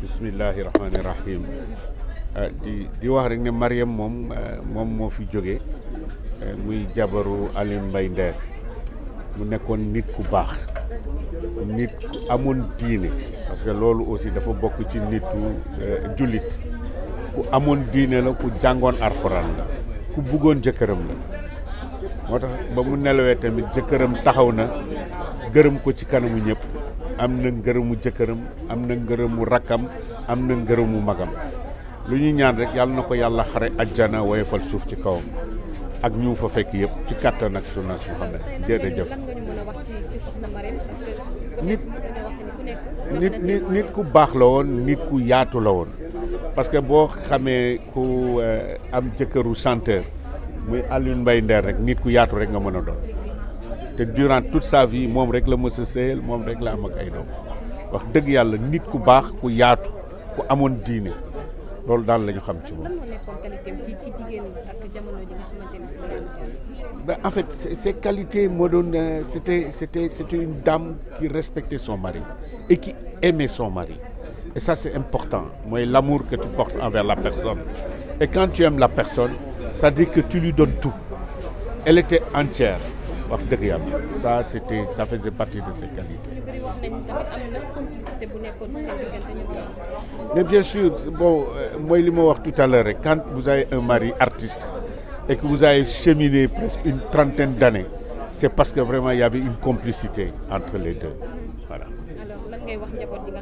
bismillahi rahmaani rahim ah, di wax rek ne Mariam moom ah, moom moo fi jóge ah, muy jabaru Aliou Mbaye Nder mu nekkoon nit ku baax nit ku amoon diine parce que loolu aussi dafa bokk ci nitu jullit ku amoon diine la ku jàngoon arxuraan la ku buggoon jëkkëram la moo tax ba mu nelawee tamit jëkkëram taxaw na gërëm ko ci kanamu ñëpp am na ngërëmu jëkkëram am na mu rakkam am na mu magam lu ñuy ñaan rek yàlla na ko yàlla xare ajjana woyofal suuf ci kawam ak ñu fa fekk yëpp ci kattan ak sunnaas Muhammad jërëjëf nit nit nit ku baax la woon nit ku yaatu la woon parce que boo xamee ku euh, am jëkkëru chanteur muy Alioune Mbaye Nder rek nit ku yaatu rek nga mën a doon te durant toute sa vie moom rek la mës a sëyal moom rek la ay doom wax dëgg yàlla nit ku baax ku yaatu ku amoon diine loolu daal la xam ci moom. en fait ses qualités moo doon euh, c'était c'était c'était une dame qui respectait son mari et qui aimait son mari et ça c'est important mooy l'amour que tu portes envers la personne et quand tu aimes la personne ça veut dire que tu lui donnes tout elle était entière wax dëgg yàlla ça c'était ça faisait partie de ses qualités. mais bien sûr bon euh, mooy li ma wax tout à l'heure rek quand vous avez un mari artiste et que vous avez cheminé presque une trentaine d'années c'est parce que vraiment il y avait une complicité entre les deux voilà. njaboot gi nga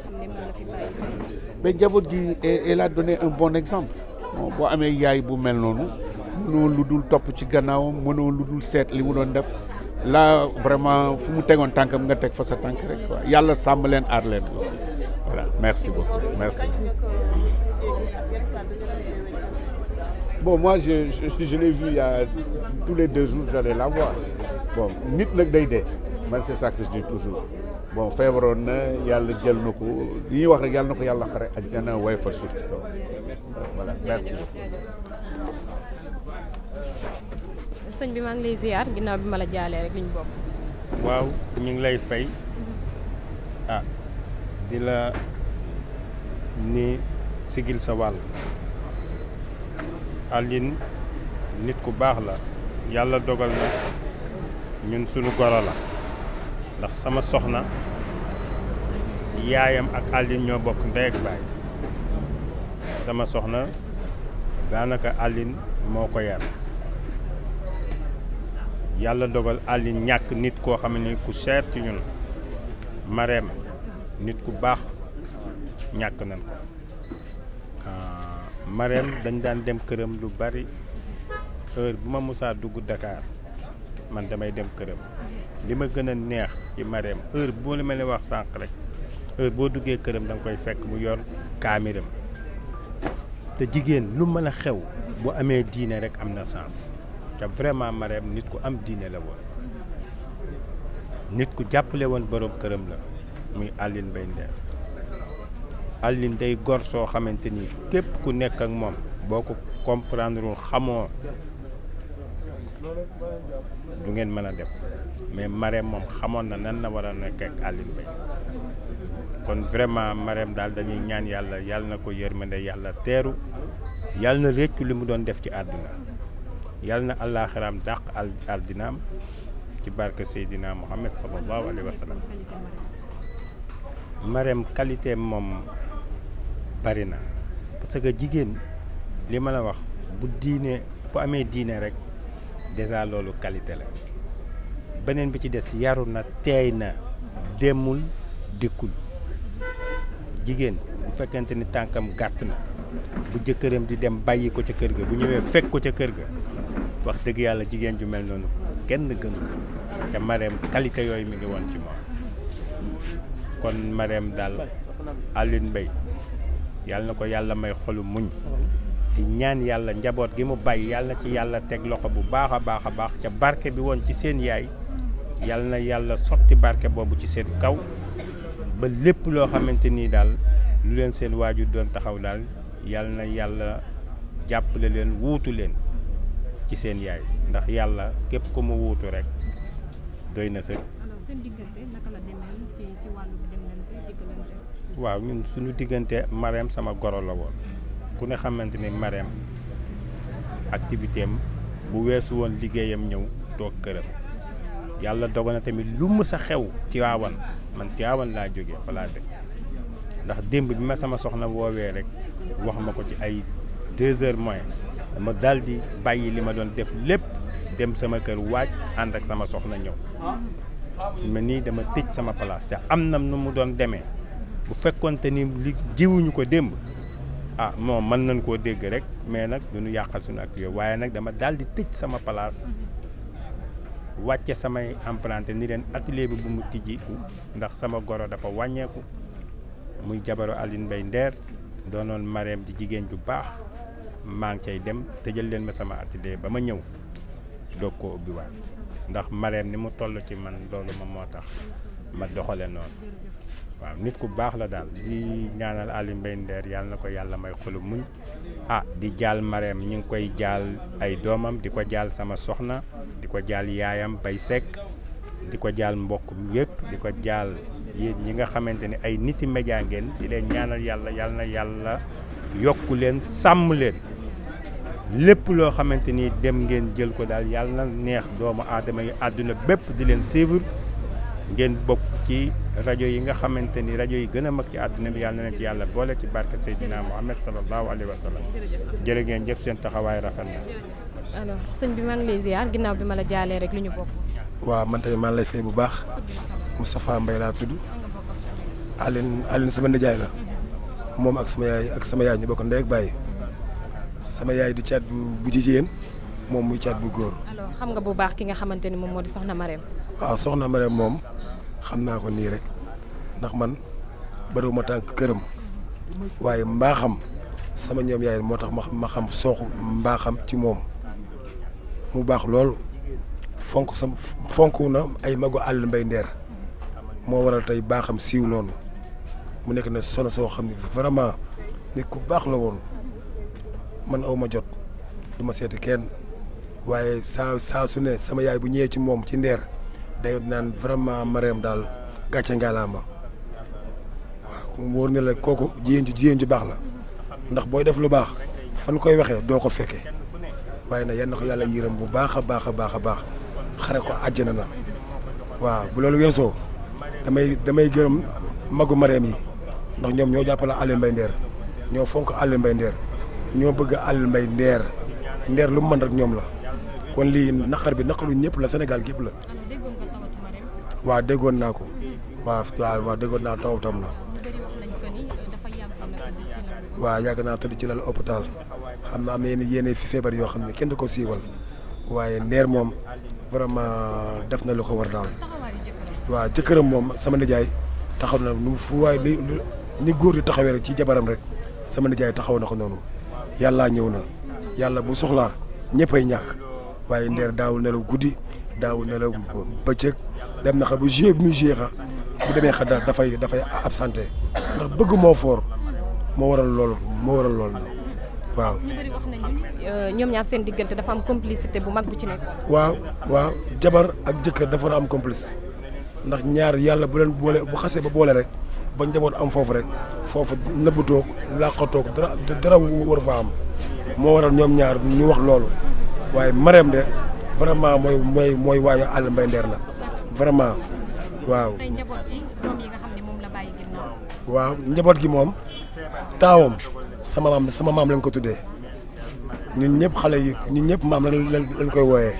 la fi bàyyi. un bon exemple boo amee yaay bu mel noonu. mënoo lu dul topp ci gannaawam mënoo lu dul seet li mu doon def la vraiment fu mu tegoon tànkam nga teg fa sa tànk rek yàlla sàmm leen aar aussi voilà merci beaucoup merci. bon moi je je, je l'ai vu il y les deux jours j'allais la voir bon nit nag day dee man c'est ça que je dis toujours bon feebaroon na yàlla jël na ko li wax rek yàlla na ko yàlla xare ak jana way fa suuf ci kaw merci beaucoup. sëñ bi maa ngi lay ziar ma la jaalee rek li waaw ñu ngi lay fay mm-hmm. ah, di la ni sigil sa wàll Aline nit ku baax la yàlla dogal na ñun suñu goro la ndax sama soxna yaayam ak Aline ñoo bokk ndey ak baay sama soxna daanaka àllin moo ko yar yàlla dogal àlli ñàkk nit koo xam ne ku seer ci ñun Marème nit ku baax ñàkk nañ ko ah, Marème dañ daan dem këram lu bari heure bu ma musaa dugg Dakar man damay dem këram li ma gën a neex ci Marème heure boo li ma leen wax sànq rek heure boo duggee këram da koy fekk bu yor kaamiram te jigéen lu mën a xew bu amee diine rek am na sens ca vraiment Marème nit ku am diine la woon nit ku jàppale woon borom këram la muy Aline Mbaye Nder Aline day gor soo xamante ni képp ku nekk ak moom boo ko comprendrewul xamoo du ngeen mën a def mais Marème moom xamoon na nan na war a nekk ak Aline Mbaye kon vraiment Marème daal dañuy ñaan yàlla yàlla na ko yërmande yàlla teeru yàlla na réccu li mu doon def ci àdduna yàlla na àllaaxiraam dàq al aldinaam ci barke Seydina Muhammad sallallahu alayhi wa sallam Marème qualité moom bari na parce que jigéen li ma la wax bu diine bu amee diine rek déjà loolu qualité la beneen bi ci des yaru na teey na demul dikkul jigéen bu fekkente ni tànkam gàtt na bu jëkkëram di dem bàyyi ko ca kër ga bu ñëwee fekk ko ca kër ga wax dëgg yàlla jigéen ju mel noonu kenn gënu ko te Marème yooyu mi ngi woon ci moom kon Marème daal Alioune Mbaye yàlla na ko yàlla may xolu muñ di ñaan yàlla njaboot gi mu bàyyi yàlla na ci yàlla teg loxo bu baax a baax a baax ca barke bi woon ci seen yaay yàlla na yàlla sotti barke boobu ci seen kaw ba lépp loo xamante nii daal lu leen seen waajur doon taxaw daal yal na yàlla jàppale leen wuutu leen ci seen yaay ndax yàlla képp ku mu wuutu rek doy na sëkk. alors diggante naka waaw ñun suñu diggante Marème sama goro la woon ku ne xamante ni Marème activité bu weesu woon liggéeyam ñëw toog këram yàlla dogal na tamit lu mu sa xew Tiwaawan man Tiwaawan laa jógee fa laa dëkk ndax démb bi ma sama soxna woowee rek wax ma ko ci ay deux heures moins ma daal di bàyyi li ma doon def lépp dem sama kër waaj ànd ak sama soxna ñëw ma nii dama tëj sama place te am na nu mu doon demee bu fekkonte ni li jiwuñu ko démb ah moom mën nañ koo dégg rek mais nag duñu yàqal suñu ak yooyu waaye nag dama daal di tëj sama palaas wàcce samay emprunté ni leen atelier bi bu mu tijji ndax sama goro dafa wàññeeku muy jabaru Alioune Mbaye Nder doonoon mareem di jigéen ju baax maa ngi cay dem tëjal leen ma sama atelier ba ma ñëw doog koo ubbiwaat ndax mareem ni mu toll ci man loolu ma moo tax ma doxale noonu waaw nit ku baax la daal di ñaanal Alioune Mbaye Nder yàlla na ko yàlla may xolu muñ ah di jaal mareem ñu ngi koy jaal ay doomam di ko jaal sama soxna di ko jaal yaayam bay sekk di ko jaal mbokk mi yëpp di ko jaal yéen ñi nga xamante ni ay niti média ngeen di leen ñaanal yàlla yàlla na yàlla yokku leen sàmm leen lépp loo xamante ni dem ngeen jël ko daal yàlla na neex doomu aadama yi àdduna bépp di leen suivre ngeen bokk ci rajo yi nga xamante ni rajo yi gën a mag ci àdduna bi yàlla na ci yàlla boole ci barke Seydina Muhammad sallallahu alayhi wa sallam jërë ngeen jëf seen taxawaay rafet na alors sëñ bi maa ngi lay ginnaaw bi ma la jaalee rek lu ñu bokk. waaw man tamit maa lay fay bu baax Moustapha Mbaye laa tudd Aline Aline sama nijaay la moom ak sama yaay ak sama yaay ñu bokk ndey ak bàyyi sama yaay di caat bu jigéen moom muy caat bu góor. xam nga bu baax ki nga xamante ni moom moo di Soxna Marème. waaw Soxna Marème moom xam naa ko nii rek ndax man bariwuma tànk këram waaye mbaaxam sama ñoom yaay moo tax ma xam ma xam sooxu mbaaxam ci moom. mu baax lool fonk sam fonk na ay magu àll mbay ndeer moo waral tey baaxam siiw noonu mu nekk na sono soo xam ne vraiment nit ku baax la woon man aw ma jot du ma seeti kenn waaye saa saa su ne sama yaay bu ñëwee ci moom ci ndeer day naan vraiment Marème daal gàcce ngalaama waaw wóor ne la kooku jigéen ji jigéen ji baax la ndax booy def lu baax fan koy waxee doo ko fekkee waaye nag yal na ko yàlla yërëm bu baax a baax a baax a baax xare ko àjjana na waaw bu loolu weesoo damay damay gërëm magu mareem yi ndax ñoom ñoo jàppale Aliou Mbaye Nder ñoo fonk Aliou Mbaye Nder ñoo bëgg Aliou Mbaye Nder Nder lu mu mën rek ñoom la kon lii naqar bi naqaru ñépp la senegal gépp la waa déggoon naa ko waaw waaw waaw déggoon naa taw tam na waaw yàgg naa tëdd ci lal hôpital xam naa am na yenn fi feebar yoo xam ne kenn du ko siiwal waaye Nder moom vraiment def na lu ko war daal waaw jëkkëram moom sama nijaay taxaw na nu fu góor di taxawee rek ci jabaram rek sama nijaay taxaw na ko noonu yàllaa ñëw na yàlla bu soxlaa ñëppay ñàkk waaye Nder daawul nelaw guddi daawul nelaw bëccëg dem na xa bu joué bu mu joué xa bu demee xa dafay dafay absenté ndax bëgg moo foor moo waral lool moo waral lool na waaw ñu bëri wax nañu euh, ñoom ñaar seen diggante dafa am complicité bu mag bu ci nekk. waaw waaw jabar ak jëkkër dafa war am complice ndax ñaar yàlla bu leen boole bu xasee ba boole rek ba njaboot am foofu rek foofu nëbbatoog làqatoog dara dara war fa am moo waral ñoom ñaar ñu wax loolu waaye Marème de vraiment mooy mooy mooy waañu àll mbay ndeer la vraiment waaw. waaw njaboot gi moom taawam. sama maam sama maam lañ ko tuddee ñun ñëpp xale yi ñun ñëpp maam lañ lañ koy wooyee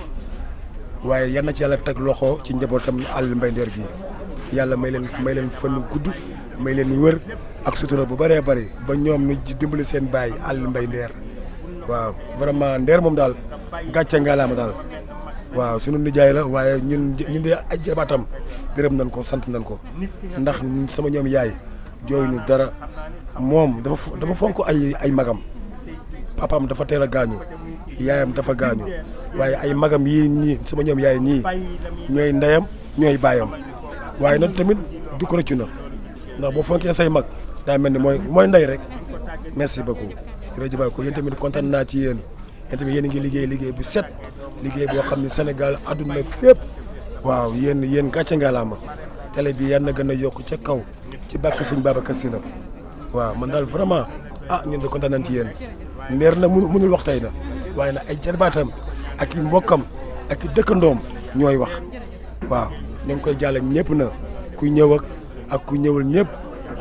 waaye yal na ci yàlla teg loxo ci njabootam Aliou Mbaye Nder gi yàlla may leen may leen fënn gudd may leen wër ak sutura bu bëree bëri ba ñoom ñu dimbali seen baay Aliou Mbaye Nder waaw vraiment Nder moom daal gàcce ngalaama daal waaw sunu nijaay la waaye ñun ñun de ay jarbaatam gërëm nañ ko sant nañ ko ndax sama ñoom yaay. jooyuñu dara moom dafa dafa fonk ay ay magam papaam dafa teel a gaañu yaayam dafa gaañu waaye ay magam yii ñii sama ñoom yaay ñii ñooy ndeyam ñooy baayam waaye nag tamit du ko rëccu na ndax boo fonkee say mag daa mel ni mooy mooy ndey rek merci beaucoup jërëjëf ko yéen tamit kontaan naa ci yéen yéen tamit yéen a ngi liggéey liggéey bu set liggéey boo xam ne senegal àdduna fépp waaw yéen yéen gàcce ngalaama tele bi yan na gën a yokk ca kaw ci bàkk sëñ Babacar Sy na waaw man daal vraiment ah ñun de kontaan nañ ci yéen meer na mu mënul wax tey na waaye nag ay jarbaatam ak i mbokkam ak i dëkkandoom ñooy wax waaw ñu ngi koy jàllale ñépp na ku ñëw ak ak ku ñëwul ñëpp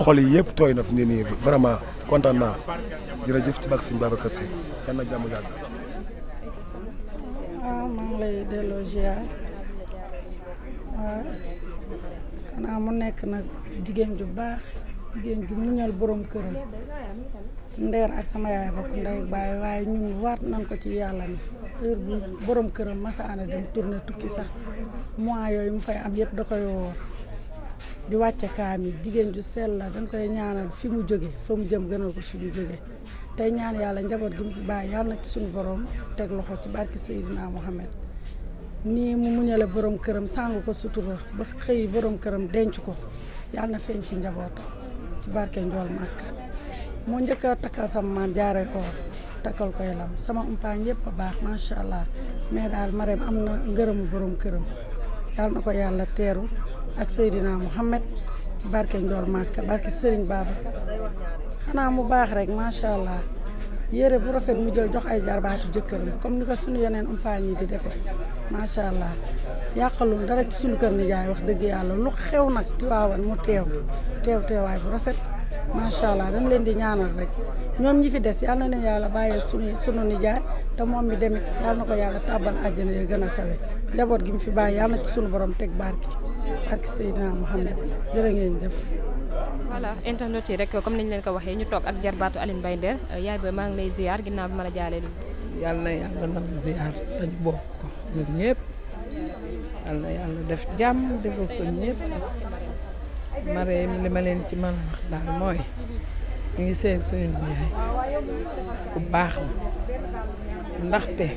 xol yi yëpp tooy na fi ne vraiment kontaan naa jërëjëf ci bàkk sëñ Babacar Sy yal na jàmm yàgg. Ah, ngi xanaa mu nekk nag jigéen ju baax jigéen ju muñal borom këram ndeer ak sama yaay bokk ndey baay waaye ñun waat nañ ko ci yàlla ni heure bu borom këram masaana dem tournée tukki sax mois yooyu mu fay am yëpp da koy woor di wàcce kaamil jigéen ju sell la dañ koy ñaanal fi mu jóge fa mu jëm gënal ko fi mu jóge tey ñaan yàlla njaboot gi mu fi bàyyi yàlla na ci suñu borom teg loxo ci barki Seydina Mohamed nii mu muñale borom këram sàng ko sutura ba xëy borom këram denc ko yàlla na feeñ ci njaboot ci barke njool màkk moo njëkka a takkal sama maam jaare oor takkal koy lam sama umpaañ yëpp a baax macha allah mais daal Marème am na ngërëmu borom këram yàlla na ko yàlla teeru ak Seydina Mouhamed ci barke njool màkk barke Serigne Babacar xanaa mu baax rek macha allah. yére bu rafet mu jël jox ay jarbaatu jëkkëram comme ni ko suñu yeneen umpaañ yi di defee macha allah yàqalul dara ci suñu kër nijaay wax dëgg yàlla lu xew nag Tiwaawan mu teew teew teewaay bu rafet macha allah dañ leen di ñaanal rek ñoom ñi fi des yàlla na leen yàlla bàyyee sunu sunu nijaay te moom mi demit yàlla na ko yàlla tàbbal àjjana ya gën a kawe njaboot gi mu fi bàyyi yàlla na ci sunu borom teg barki barki Seydina Mouhamed jërë ngeen jëf voilà internet yi rek comme ñu leen ko waxee ñu toog ak jarbaatu Alioune Mbaye Nder yaay booy maa ngi lay ziar ginnaaw bi ma la jaale lu yàlla na yàlla nangu ziar te ñu bokk ko ñun ñëpp def jàmm defal ko ñëpp li ma leen ci mën a wax daal mooy ñu ngi seeg suñu njaay ku baax la ndaxte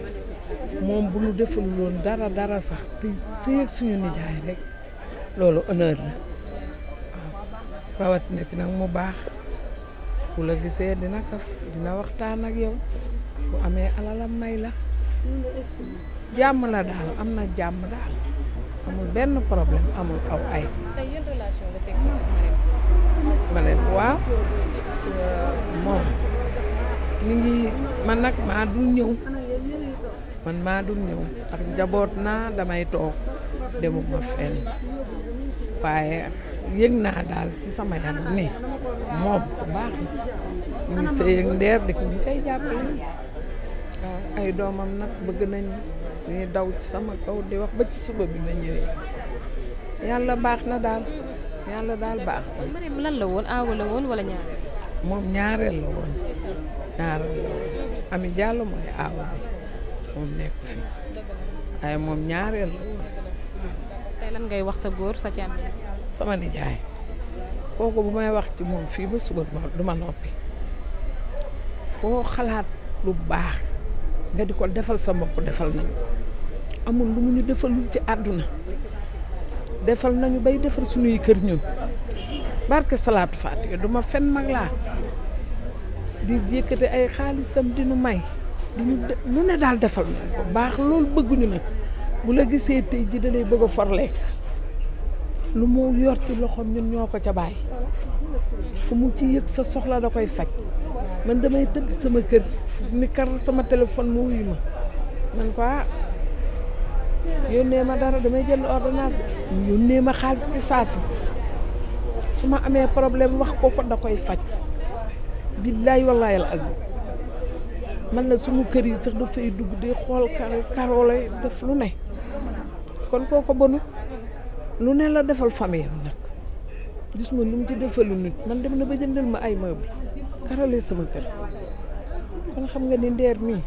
moom bu ñu deful woon dara dara sax te seeg suñu nijaay rek loolu honneur la rawatina ci nag mu baax ku la gisee dina kaf dina waxtaan ak yow bu amee alalam may la jàmm la daal am na jàmm daal amul benn problème amul aw ay. tey la sekk waaw moom mi ngi man nag maa dul ñëw man maa dul ñëw ak njaboot naa damay toog demuma fenn waaye. yëg naa daal ci sama yaram ne moom bu baax mu ngi sëy ak ndeer di ko ñu koy jàppale waaw ay doomam nag bëgg nañ ñuy daw ci sama kaw di wax ba ci suba bi ma ñëwee yàlla baax na daal yàlla daal baax na. Mariam lan la ñaareel. moom ñaareel mooy aawa moom nekk fi waaye moom ñaareel la woon. ngay wax sa góor sa càmm. sama nijaay kooku bu may wax ci moom fii ba suba duma noppi foo xalaat lu baax nga di ko defal sa bopp defal nañu amul lu mu ñu defalul ci àdduna defal nañu bay defar suñuy kër ñun barke salaatu fatiha du ma fen mag laa di yëkkate ay xaalisam di nu may di ñu lu ne daal defal nañu ko baax loolu bëgguñu nag bu la gisee tey ji da lay bëgg a forleek lu mu yor ci loxoom ñun ñoo ko ca bàyyi ku mu ci yëg sa soxla da koy faj man damay tëdd sama kër ni kar sama téléphone mu wuyu ma man ko ah yónnee ma dara damay jënd ordonnance yónnee ma xaalis ci saasi su ma amee problème wax ko da koy faj billaay wallaay al azim man na sunu kër yi sax dafay dugg di xool kar karole def lu ne kon koo ko lu ne la defal famille am nag gis ma lu mu ci defalu nit man dem na ba jëndal ma ay meuble karale sama kër kon xam nga ni ndeer mii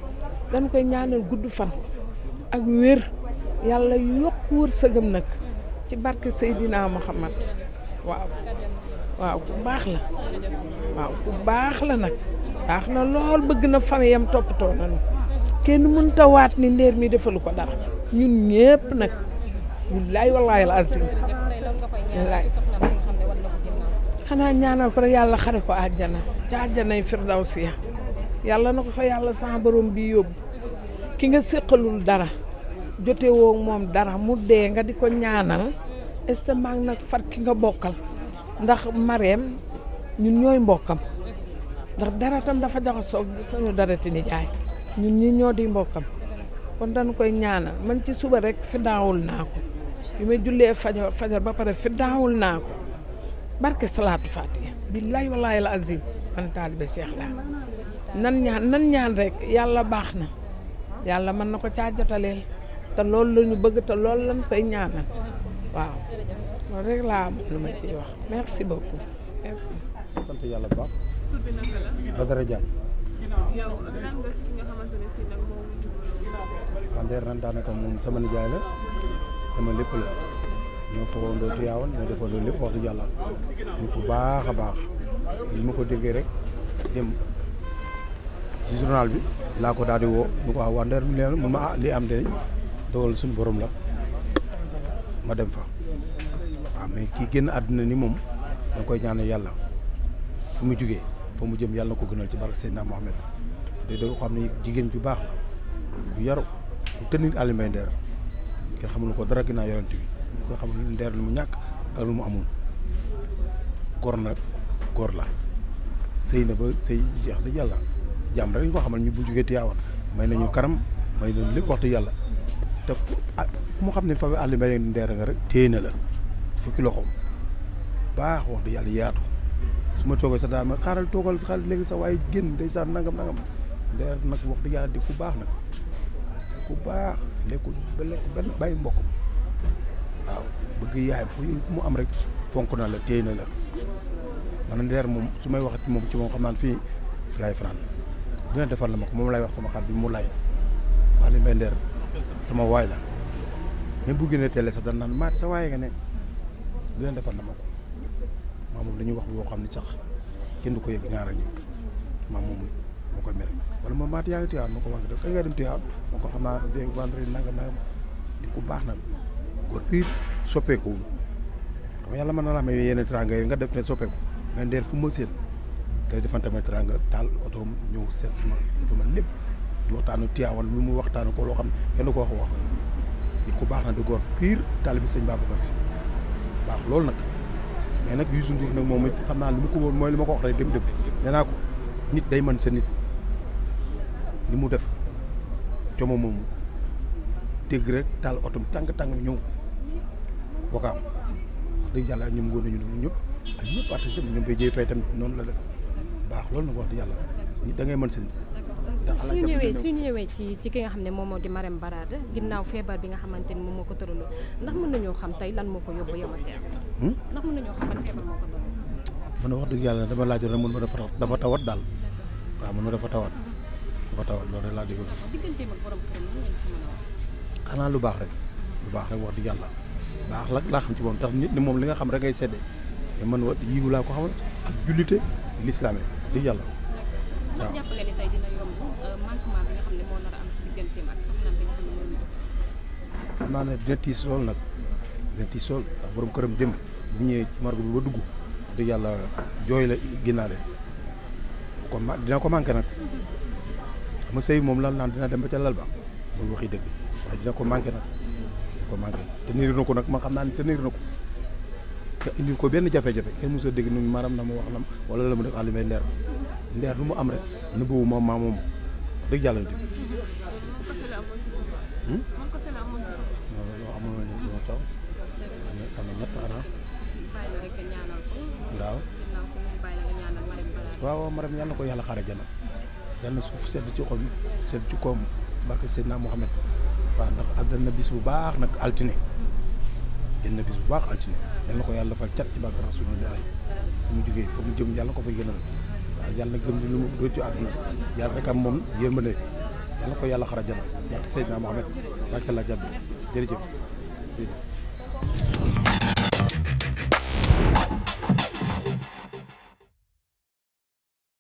dañ koy ñaanal gudd fan ak wér yàlla yokk wërsëgam nag ci barke Seydina Muhammad waaw waaw ku baax la waaw ku baax la nag baax na lool bëgg na famille am toppatoo nañu kenn mënta waat ni ndeer mi defalu ko dara ñun ñépp nag wallaay wallaay la asim xanaa ñaanal ko rek yàlla xare ko àjjana ca àjjanay firdaws ya yàlla na ko fa yàlla sa borom bi yóbbu ki nga séqalul dara jotewoo moom dara mu dee nga di ko ñaanal estamaan nag far ki nga bokkal ndax mareem ñun ñooy mbokkam ndax dara tam dafa jaxasoo gis nañu dara te ni ñun ñi ñoo di mbokkam kon dañu koy ñaanal man ci suba rekk fi daawul naa ko bi may jullee fajar fajar ba pare fi daawul naa ko barke salaatu fatiha billaay walaay la azim man taalibe Cheikh nan ñaan nan ñaan rek yàlla baax na yàlla mën na ko caa jotaleel te loolu lañu ñu bëgg te loolu lañ koy ñaanal waaw rek laa am lu ma ciy wax merci beaucoup merci. sant yàlla bu baax. nan daanaka moom sama nijaay la. sama lépp la ñoo fa woon doo tuyaawoon ñoo defandoo lépp wax dëgg yàlla ñu ko baax a baax ñu ma ko déggee rek dem ci journal bi laa ko daal di woo ñu ko waaw ah, waa Ndeer mu mun ma ah li am de dogal suñu boroom la ma dem fa waaw mais kii génn àdduna ni moom da koy ñaanal yàlla fu mu jógee foo mu jëm yàlla na ko gënal ci barke Seydina Mohamed te doo xam ne jigéen ju baax la bu yaru bu tënit Alioune Ndeer kenn xamul ko dara ginnaaw yonent bi ko xam lu ndeer lu mu ñàkk ak lu mu amul góor na góor la sëy na ba sëy jeex dëgg yàlla jàmm rek ñu ko xamal ñu bu jógee Tiwaawan may nañu karam may nañu lépp waxtu yàlla te ah, ku mu xam ne fa àll mbay ndeer nga rek téye na la fukki loxo baax wax yàlla yaatu su ma toogee sa daal ma xaaral toogal xaaral léegi sax waaye génn day sax nangam nangam ndeer nag wax dëgg yàlla di ku baax nag ku baax lekkul ba lekk benn bàyyi mbokkam waaw bëgg yaayam ku mu am rek fonk na la téye na la man Nder moom su may wax moom ci moom xam naan fii fi laay fanaan dina defar la ma ko moom lay wax sama xarit bi mu lay may Nder sama waay la même bu génnee télé sax sa waaye nga ne dina defar na ma ko maa moom dañuy wax woo xam ne sax kenn du ko yëg ñaar ñi mu koy mere wala maat yaa ngi Tivaouane mu ko wax nga def kañ nga dem Tivaouane ko xam naa dégg vendredi baax nag góor piir soppeeku xam nga yàlla mën na la amee yenn teraanga yi nga def ne soppeeku mais ndeer fu ma seen day defante ma teraanga taal otoom ñëw seet si ma dafa ma lépp di waxtaanu Tivaouane lu mu waxtaanu ko loo xam kenn du ko wax wax ku baax na di góor piir taalibi sëñ Babacar Si baax loolu nag mais nag Youssou Ndour nag moom xam naa lu mu ko woon mooy li ma ko wax rek dem dem nee naa ko li mu def coomo moomu dégg rek taal otom tàng-tàng bi ñëw wakaam wax dëgg yàlla ñoom góor nañu ñun ñëpp ak ñëpp artiste ñoom bay noonu la def baax loolu nag wax yàlla da ngay mën seen su ñëwee su ci ci ki nga xam ne moom moo di Marème Barada ginnaaw feebar bi nga xamante ni moom moo ko tëraloon ndax mën nañoo xam tey lan moo ko yóbbu yow a teew na mën nañoo xam ban feebar moo ko tëraloon man wax dëgg yàlla dama laajoon rek mun ma dafa tawat daal waaw mun ma dafa tawat ba taw loolu rek xanaa lu baax rek. lu baax rek wax dëgg yàlla. baax la laa xam ci moom tax nit ni moom li nga xam rek ngay seddee te man wa yiwu laa ko xamal ak jullite lislaame dëgg yàlla. waaw ndax jàpp euh, xam ne ak soxnaam bi nga xam dina tiis lool nag dina tiis lool ndax borom këram démb bu ñëwee ci margo bi ba dugg dëgg yàlla jooy la ginnaale kon ma dina ko manqué nag. Mm-hmm. ma sëy moom lan naan dina dem ba ca lal ba loolu waxi dëgg waaye dina ko manqué nag dina ko manqué na ko nag ma xam naa ne te niir na ko benn jafe-jafe kenn mosoo na mu wax lam la mu def àll mu am rek nëbbuwu moom maa moom dëgg yàlla na waaw waaw Marème yàlla ko yàlla xaare jana yàlla na suuf sedd ci xol sedd ci koom barke Seydina Mohamed waaw ndax àddal na bis bu baax nag altine yenn bis bu baax altine yàlla na ko yàlla defal cat ci barke Rasulullah fu mu jógee fu mu jëm yàlla ko fa gënal waaw yàlla gëm di lu mu rëccu àdduna yàlla rek am moom yërmande yàlla ko yàlla xarajana barke Seydina Mohamed barke la jàpp jërëjëf